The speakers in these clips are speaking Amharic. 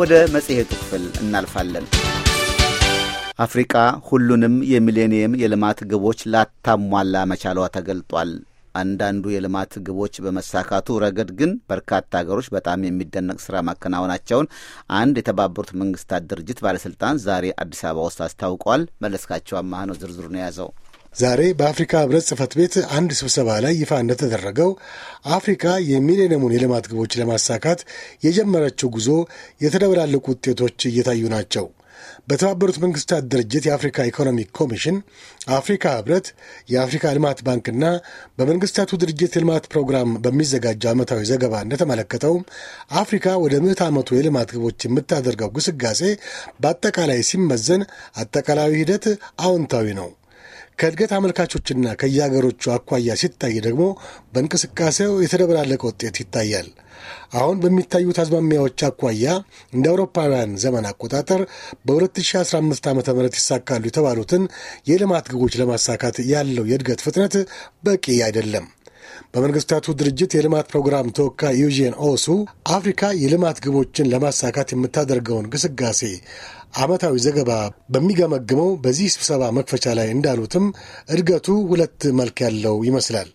ወደ መጽሔቱ ክፍል እናልፋለን። አፍሪቃ ሁሉንም የሚሌኒየም የልማት ግቦች ላታሟላ መቻሏ ተገልጧል። አንዳንዱ የልማት ግቦች በመሳካቱ ረገድ ግን በርካታ ሀገሮች በጣም የሚደነቅ ስራ ማከናወናቸውን አንድ የተባበሩት መንግስታት ድርጅት ባለስልጣን ዛሬ አዲስ አበባ ውስጥ አስታውቋል። መለስካቸው አማህ ነው ዝርዝሩን የያዘው። ዛሬ በአፍሪካ ህብረት ጽህፈት ቤት አንድ ስብሰባ ላይ ይፋ እንደተደረገው አፍሪካ የሚሌኒየሙን የልማት ግቦች ለማሳካት የጀመረችው ጉዞ የተደበላለቁ ውጤቶች እየታዩ ናቸው። በተባበሩት መንግስታት ድርጅት የአፍሪካ ኢኮኖሚክ ኮሚሽን፣ አፍሪካ ህብረት፣ የአፍሪካ ልማት ባንክና በመንግስታቱ ድርጅት የልማት ፕሮግራም በሚዘጋጀው ዓመታዊ ዘገባ እንደተመለከተው አፍሪካ ወደ ምዕት ዓመቱ የልማት ግቦች የምታደርገው ግስጋሴ በአጠቃላይ ሲመዘን አጠቃላዊ ሂደት አዎንታዊ ነው። ከእድገት አመልካቾችና ከየሀገሮቹ አኳያ ሲታይ ደግሞ በእንቅስቃሴው የተደበላለቀ ውጤት ይታያል። አሁን በሚታዩት አዝማሚያዎች አኳያ እንደ አውሮፓውያን ዘመን አቆጣጠር በ2015 ዓ ም ይሳካሉ የተባሉትን የልማት ግቦች ለማሳካት ያለው የእድገት ፍጥነት በቂ አይደለም። በመንግስታቱ ድርጅት የልማት ፕሮግራም ተወካይ ዩጂን ኦሱ አፍሪካ የልማት ግቦችን ለማሳካት የምታደርገውን ግስጋሴ ዓመታዊ ዘገባ በሚገመግመው በዚህ ስብሰባ መክፈቻ ላይ እንዳሉትም እድገቱ ሁለት መልክ ያለው ይመስላል።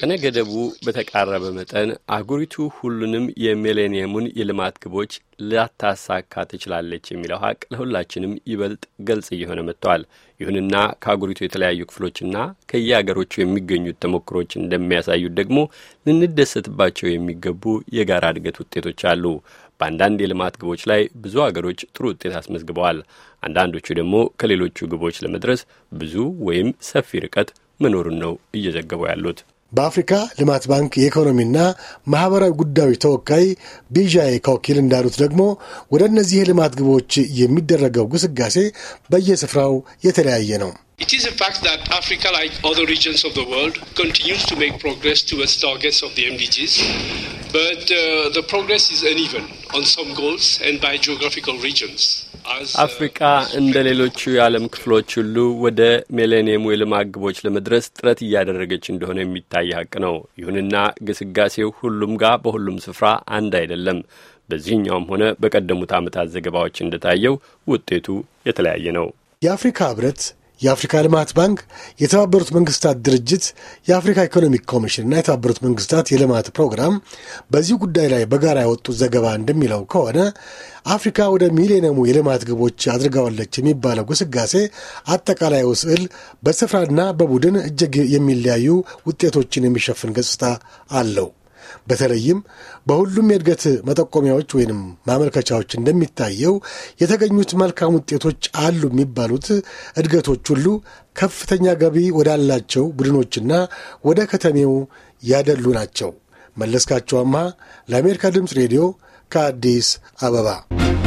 ቀነ ገደቡ በተቃረበ መጠን አህጉሪቱ ሁሉንም የሚሌኒየሙን የልማት ግቦች ላታሳካ ትችላለች የሚለው ሀቅ ለሁላችንም ይበልጥ ገልጽ እየሆነ መጥተዋል። ይሁንና ከአገሪቱ የተለያዩ ክፍሎችና ከየሀገሮቹ የሚገኙት ተሞክሮች እንደሚያሳዩት ደግሞ ልንደሰትባቸው የሚገቡ የጋራ እድገት ውጤቶች አሉ። በአንዳንድ የልማት ግቦች ላይ ብዙ አገሮች ጥሩ ውጤት አስመዝግበዋል። አንዳንዶቹ ደግሞ ከሌሎቹ ግቦች ለመድረስ ብዙ ወይም ሰፊ ርቀት መኖሩን ነው እየዘገቡ ያሉት። በአፍሪካ ልማት ባንክ የኢኮኖሚና ማህበራዊ ጉዳዮች ተወካይ ቢዣይ ኮኪል እንዳሉት ደግሞ ወደ እነዚህ የልማት ግቦች የሚደረገው ግስጋሴ በየስፍራው የተለያየ ነው። ስ Uh, አፍሪቃ እንደ ሌሎቹ የዓለም ክፍሎች ሁሉ ወደ ሚሌኒየሙ የልማት ግቦች ለመድረስ ጥረት እያደረገች እንደሆነ የሚታይ ሀቅ ነው። ይሁንና ግስጋሴው ሁሉም ጋር በሁሉም ስፍራ አንድ አይደለም። በዚህኛውም ሆነ በቀደሙት ዓመታት ዘገባዎች እንደታየው ውጤቱ የተለያየ ነው። የአፍሪካ ህብረት የአፍሪካ ልማት ባንክ፣ የተባበሩት መንግስታት ድርጅት፣ የአፍሪካ ኢኮኖሚክ ኮሚሽን እና የተባበሩት መንግስታት የልማት ፕሮግራም በዚህ ጉዳይ ላይ በጋራ ያወጡት ዘገባ እንደሚለው ከሆነ አፍሪካ ወደ ሚሌኒየሙ የልማት ግቦች አድርገዋለች የሚባለው ግስጋሴ አጠቃላዩ ስዕል በስፍራና በቡድን እጅግ የሚለያዩ ውጤቶችን የሚሸፍን ገጽታ አለው። በተለይም በሁሉም የእድገት መጠቆሚያዎች ወይንም ማመልከቻዎች እንደሚታየው የተገኙት መልካም ውጤቶች አሉ የሚባሉት እድገቶች ሁሉ ከፍተኛ ገቢ ወዳላቸው ቡድኖችና ወደ ከተሜው ያደሉ ናቸው። መለስካቸው ለአሜሪካ ድምፅ ሬዲዮ ከአዲስ አበባ